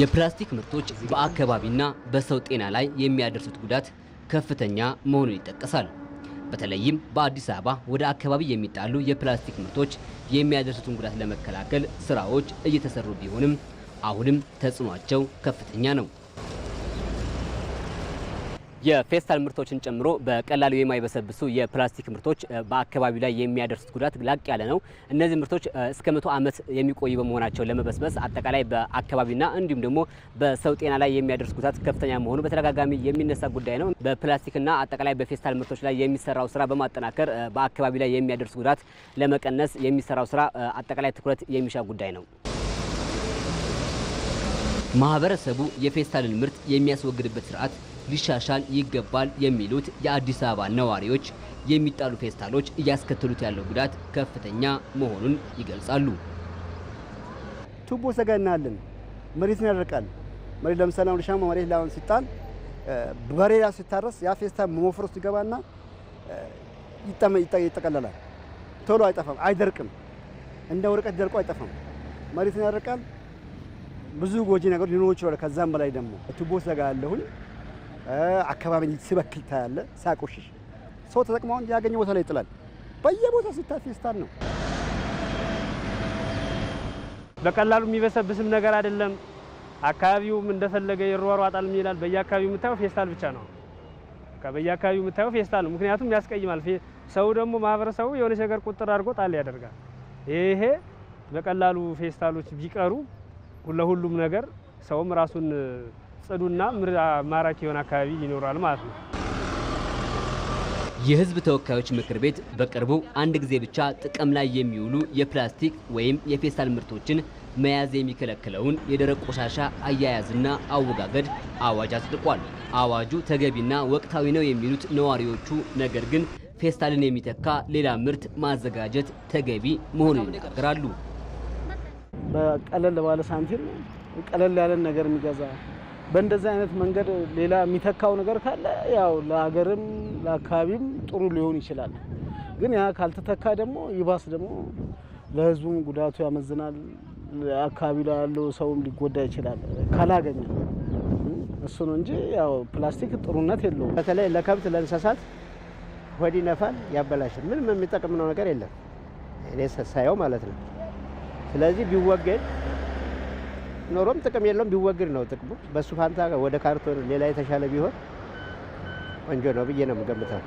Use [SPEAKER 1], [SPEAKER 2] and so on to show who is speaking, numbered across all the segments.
[SPEAKER 1] የፕላስቲክ ምርቶች በአካባቢና በሰው ጤና ላይ የሚያደርሱት ጉዳት ከፍተኛ መሆኑን ይጠቀሳል። በተለይም በአዲስ አበባ ወደ አካባቢ የሚጣሉ የፕላስቲክ ምርቶች የሚያደርሱትን ጉዳት ለመከላከል ስራዎች እየተሰሩ ቢሆንም አሁንም ተጽዕኗቸው ከፍተኛ ነው። የፌስታል ምርቶችን ጨምሮ በቀላሉ የማይበሰብሱ የፕላስቲክ ምርቶች በአካባቢው ላይ የሚያደርሱት ጉዳት ላቅ ያለ ነው። እነዚህ ምርቶች እስከ መቶ ዓመት የሚቆዩ በመሆናቸው ለመበስበስ አጠቃላይ በአካባቢና እንዲሁም ደግሞ በሰው ጤና ላይ የሚያደርስ ጉዳት ከፍተኛ መሆኑ በተደጋጋሚ የሚነሳ ጉዳይ ነው። በፕላስቲክና አጠቃላይ በፌስታል ምርቶች ላይ የሚሰራው ስራ በማጠናከር በአካባቢ ላይ የሚያደርስ ጉዳት ለመቀነስ የሚሰራው ስራ አጠቃላይ ትኩረት የሚሻ ጉዳይ ነው። ማህበረሰቡ የፌስታልን ምርት የሚያስወግድበት ስርዓት ሊሻሻል ይገባል የሚሉት የአዲስ አበባ ነዋሪዎች የሚጣሉ ፌስታሎች እያስከተሉት ያለው ጉዳት ከፍተኛ መሆኑን ይገልጻሉ።
[SPEAKER 2] ቱቦ ሰጋ እናያለን። መሬትን ያደርቃል። መሬት ለምሳሌ አሁን ሻማ መሬት ላይ ሲጣል በሬላ ሲታረስ ያ ፌስታ መሞፈር ውስጥ ይገባና ይጠቀለላል። ቶሎ አይጠፋም፣ አይደርቅም። እንደ ወረቀት ደርቆ አይጠፋም። መሬትን ያደርቃል። ብዙ ጎጂ ነገር ሊኖሩ ይችላል። ከዛም በላይ ደግሞ ቱቦ ሰጋ ያለሁኝ አካባቢ ሲበክል ታያለ፣ ሲያቆሽሽ ሰው ተጠቅመውን ያገኘ ቦታ ላይ ይጥላል። በየቦታው ሲታይ ፌስታል ነው።
[SPEAKER 3] በቀላሉ የሚበሰብስም ነገር አይደለም። አካባቢውም እንደፈለገ ይሯሯጣል ይላል። በየአካባቢው የምታየው ፌስታል ብቻ ነው። በየአካባቢው የምታየው ፌስታል ነው። ምክንያቱም ያስቀይማል። ሰው ደግሞ ማህበረሰቡ የሆነች ነገር ቁጥር አድርጎ ጣል ያደርጋል። ይሄ በቀላሉ ፌስታሎች ቢቀሩ ለሁሉም ነገር ሰውም ራሱን ጽዱና ማራኪ የሆነ አካባቢ ይኖራል ማለት ነው።
[SPEAKER 1] የህዝብ ተወካዮች ምክር ቤት በቅርቡ አንድ ጊዜ ብቻ ጥቅም ላይ የሚውሉ የፕላስቲክ ወይም የፌስታል ምርቶችን መያዝ የሚከለክለውን የደረቅ ቆሻሻ አያያዝና አወጋገድ አዋጅ አጽድቋል። አዋጁ ተገቢና ወቅታዊ ነው የሚሉት ነዋሪዎቹ፣ ነገር ግን ፌስታልን የሚተካ ሌላ ምርት ማዘጋጀት ተገቢ መሆኑን ይናገራሉ።
[SPEAKER 2] በቀለል ባለ ሳንቲም ቀለል ያለን ነገር የሚገዛ በእንደዚህ አይነት መንገድ ሌላ የሚተካው ነገር ካለ ያው ለሀገርም ለአካባቢም ጥሩ ሊሆን ይችላል። ግን ያ ካልተተካ ደግሞ ይባስ ደግሞ ለህዝቡም ጉዳቱ ያመዝናል። አካባቢ ላይ ያለው ሰውም ሊጎዳ ይችላል ካላገኘ እሱ ነው እንጂ ያው ፕላስቲክ ጥሩነት የለውም። በተለይ ለከብት ለእንስሳት ሆድ ይነፋል፣ ያበላሻል። ምንም የሚጠቅም ነው ነገር የለም እኔ ሳየው ማለት ነው። ስለዚህ ቢወገድ ኖሮም ጥቅም የለውም ቢወግድ ነው ጥቅሙ። በሱ ፋንታ ወደ ካርቶን ሌላ የተሻለ ቢሆን ቆንጆ ነው ብዬ ነው የምገምተው።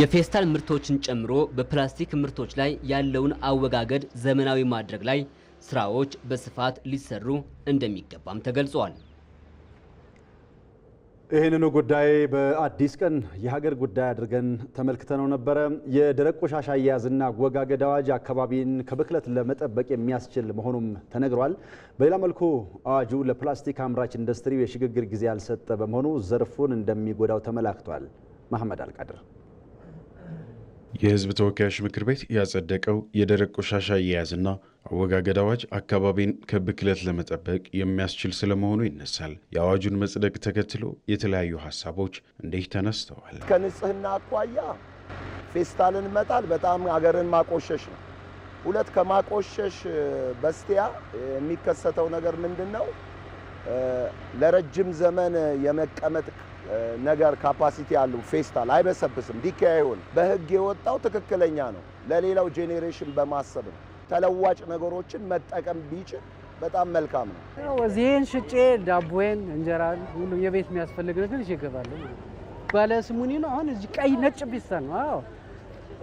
[SPEAKER 1] የፌስታል ምርቶችን ጨምሮ በፕላስቲክ ምርቶች ላይ ያለውን አወጋገድ ዘመናዊ ማድረግ ላይ ስራዎች በስፋት ሊሰሩ እንደሚገባም ተገልጿል።
[SPEAKER 4] ይህንኑ ጉዳይ በአዲስ ቀን የሀገር ጉዳይ አድርገን ተመልክተነው ነበረ። የደረቅ ቆሻሻ አያያዝና አወጋገድ አዋጅ አካባቢን ከብክለት ለመጠበቅ የሚያስችል መሆኑም ተነግሯል። በሌላ መልኩ አዋጁ ለፕላስቲክ አምራች ኢንዱስትሪው የሽግግር ጊዜ ያልሰጠ በመሆኑ ዘርፉን እንደሚጎዳው ተመላክቷል። መሐመድ አልቃድር
[SPEAKER 5] የህዝብ ተወካዮች ምክር ቤት ያጸደቀው የደረቅ ቆሻሻ አያያዝና አወጋገድ አዋጅ አካባቢን ከብክለት ለመጠበቅ የሚያስችል ስለመሆኑ ይነሳል። የአዋጁን መጽደቅ ተከትሎ የተለያዩ ሀሳቦች እንዲህ ተነስተዋል።
[SPEAKER 2] ከንጽህና አኳያ ፌስታልን መጣል በጣም አገርን ማቆሸሽ ነው። ሁለት ከማቆሸሽ በስቲያ የሚከሰተው ነገር ምንድን ነው? ለረጅም ዘመን የመቀመጥ ነገር ካፓሲቲ ያለው ፌስታል አይበሰብስም፣ ዲካ ይሆን በህግ የወጣው ትክክለኛ ነው። ለሌላው ጄኔሬሽን በማሰብ ነው። ተለዋጭ ነገሮችን መጠቀም ቢችል በጣም መልካም ነው። እዚህን ሽጬ ዳቦዬን፣ እንጀራን፣ ሁሉም የቤት የሚያስፈልግ ነገር ይዤ እገባለሁ። ባለስሙኒ ነው። አሁን እዚህ ቀይ ነጭ ቢሳ ነው። አዎ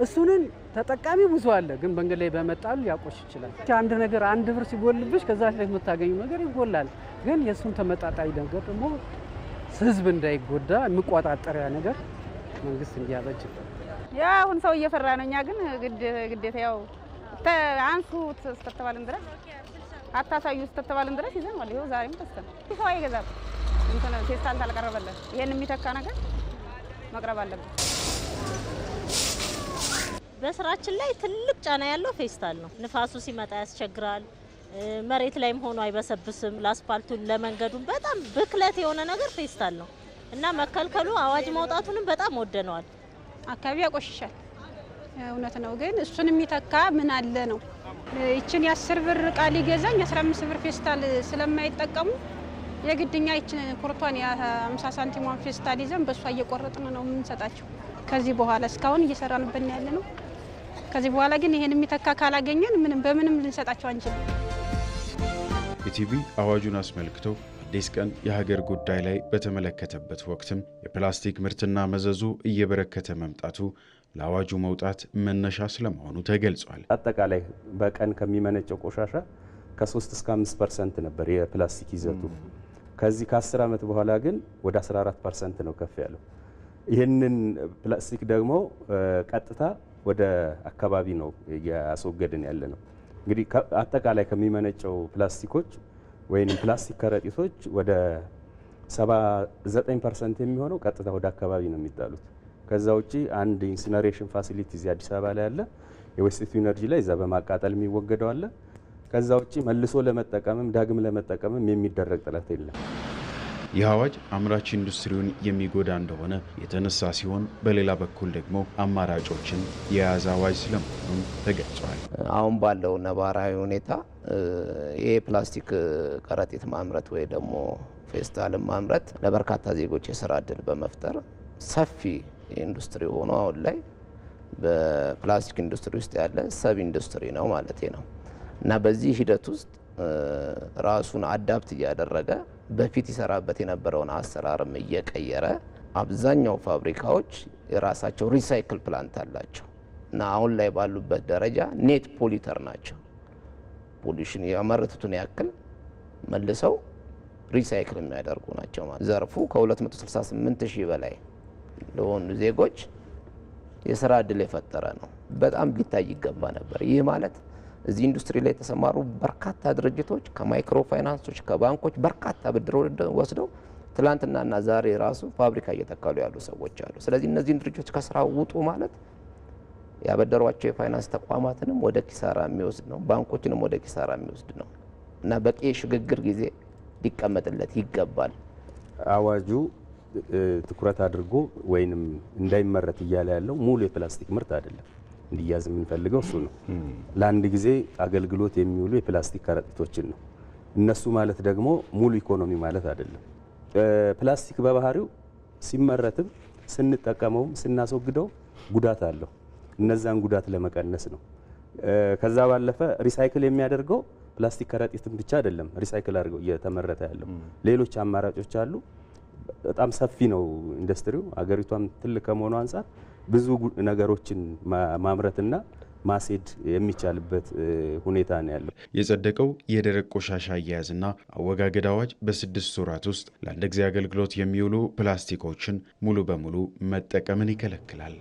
[SPEAKER 2] እሱንን ተጠቃሚ ብዙ አለ፣ ግን መንገድ ላይ በመጣሉ ያቆሽ ይችላል። አንድ ነገር አንድ ብር ሲጎልብሽ ከዛ ላይ የምታገኙ ነገር ይጎላል። ግን የእሱን ተመጣጣኝ ነገር ደግሞ ህዝብ እንዳይጎዳ የምቆጣጠሪያ ነገር መንግስት እንዲያበጅ
[SPEAKER 6] ያ አሁን ሰው እየፈራ ነው። እኛ ግን ግዴታ ያው አንሱ እስከተባልን ድረስ አታሳዩ እስከተባልን ድረስ ይዘን ማለት ይኸው ዛሬም ተስተን ሰው አይገዛም። እንትን ፌስታል ታልቀረበለን ይሄን የሚተካ ነገር መቅረብ አለበት።
[SPEAKER 7] በስራችን ላይ ትልቅ ጫና ያለው ፌስታል ነው። ንፋሱ ሲመጣ ያስቸግራል። መሬት ላይም ሆኖ አይበሰብስም። ለአስፋልቱን ለመንገዱም በጣም ብክለት የሆነ ነገር ፌስታል ነው እና መከልከሉ አዋጅ መውጣቱንም በጣም ወደነዋል።
[SPEAKER 8] አካባቢ ያቆሽሻል። እውነት ነው። ግን እሱን የሚተካ ምን አለ ነው? ይችን የአስር ብር እቃ ሊገዛኝ አስራ አምስት ብር ፌስታል ስለማይጠቀሙ የግድኛ ይችን ኩርቷን የአምሳ ሳንቲሟን ፌስታል ይዘን በእሷ እየቆረጥን ነው የምንሰጣቸው። ከዚህ በኋላ እስካሁን እየሰራንበት ያለ ነው። ከዚህ በኋላ ግን ይህን የሚተካ ካላገኘን ምንም በምንም ልንሰጣቸው አንችልም።
[SPEAKER 5] ኢቲቪ አዋጁን አስመልክቶ አዲስ ቀን የሀገር ጉዳይ ላይ በተመለከተበት ወቅትም የፕላስቲክ ምርትና መዘዙ እየበረከተ መምጣቱ ለአዋጁ መውጣት መነሻ ስለመሆኑ ተገልጿል።
[SPEAKER 9] አጠቃላይ በቀን ከሚመነጨው ቆሻሻ ከ3 እስከ 5 ፐርሰንት ነበር የፕላስቲክ ይዘቱ። ከዚህ ከ10 ዓመት በኋላ ግን ወደ 14 ፐርሰንት ነው ከፍ ያለው። ይህንን ፕላስቲክ ደግሞ ቀጥታ ወደ አካባቢ ነው እያስወገድን ያለ ነው። እንግዲህ አጠቃላይ ከሚመነጨው ፕላስቲኮች ወይም ፕላስቲክ ከረጢቶች ወደ 79 ፐርሰንት የሚሆነው ቀጥታ ወደ አካባቢ ነው የሚጣሉት። ከዛ ውጪ አንድ ኢንሲነሬሽን ፋሲሊቲ እዚህ አዲስ አበባ ላይ አለ። የዌስት ኢነርጂ ላይ እዛ በማቃጠል የሚወገደው አለ። ከዛ ውጪ መልሶ ለመጠቀምም ዳግም ለመጠቀምም የሚደረግ ጥረት የለም።
[SPEAKER 5] ይህ አዋጅ አምራች ኢንዱስትሪውን የሚጎዳ እንደሆነ የተነሳ ሲሆን በሌላ በኩል ደግሞ አማራጮችን የያዘ አዋጅ ስለመሆኑም ተገልጿል።
[SPEAKER 10] አሁን ባለው ነባራዊ ሁኔታ ይህ የፕላስቲክ ከረጢት ማምረት ወይ ደግሞ ፌስታልን ማምረት ለበርካታ ዜጎች የስራ እድል በመፍጠር ሰፊ ኢንዱስትሪ ሆኖ አሁን ላይ በፕላስቲክ ኢንዱስትሪ ውስጥ ያለ ሰብ ኢንዱስትሪ ነው ማለት ነው እና በዚህ ሂደት ውስጥ ራሱን አዳፕት እያደረገ በፊት ይሰራበት የነበረውን አሰራርም እየቀየረ አብዛኛው ፋብሪካዎች የራሳቸው ሪሳይክል ፕላንት አላቸው እና አሁን ላይ ባሉበት ደረጃ ኔት ፖሊተር ናቸው። ፖሊሽን ያመረቱትን ያክል መልሰው ሪሳይክል የሚያደርጉ ናቸው ማለት ዘርፉ ከ268 ሺህ በላይ ለሆኑ ዜጎች የስራ እድል የፈጠረ ነው። በጣም ሊታይ ይገባ ነበር። ይህ ማለት እዚህ ኢንዱስትሪ ላይ የተሰማሩ በርካታ ድርጅቶች ከማይክሮ ፋይናንሶች፣ ከባንኮች በርካታ ብድር ወስደው ትላንትናና ዛሬ ራሱ ፋብሪካ እየተከሉ ያሉ ሰዎች አሉ። ስለዚህ እነዚህን ድርጅቶች ከስራ ውጡ ማለት ያበደሯቸው የፋይናንስ ተቋማትንም ወደ ኪሳራ የሚወስድ ነው፣ ባንኮችንም ወደ ኪሳራ የሚወስድ ነው እና በቂ የሽግግር ጊዜ ሊቀመጥለት ይገባል።
[SPEAKER 4] አዋጁ ትኩረት አድርጎ ወይንም እንዳይመረት እያለ ያለው ሙሉ የፕላስቲክ ምርት አይደለም። እንዲያዝ የምንፈልገው እሱ ነው። ለአንድ ጊዜ አገልግሎት የሚውሉ የፕላስቲክ ከረጢቶችን ነው። እነሱ ማለት ደግሞ ሙሉ ኢኮኖሚ ማለት አይደለም። ፕላስቲክ በባህሪው ሲመረትም ስንጠቀመውም ስናስወግደው ጉዳት አለው። እነዛን ጉዳት ለመቀነስ ነው። ከዛ ባለፈ ሪሳይክል የሚያደርገው ፕላስቲክ ከረጢትን ብቻ አይደለም። ሪሳይክል አድርገው እየተመረተ ያለው ሌሎች አማራጮች አሉ። በጣም ሰፊ ነው ኢንዱስትሪው። አገሪቷም ትልቅ ከመሆኑ አንጻር ብዙ ነገሮችን ማምረትና ማስሄድ የሚቻልበት ሁኔታ ነው ያለው።
[SPEAKER 5] የጸደቀው የደረቅ ቆሻሻ አያያዝና አወጋገድ አዋጅ በስድስት ወራት ውስጥ ለአንድ ጊዜ አገልግሎት የሚውሉ ፕላስቲኮችን ሙሉ በሙሉ መጠቀምን ይከለክላል።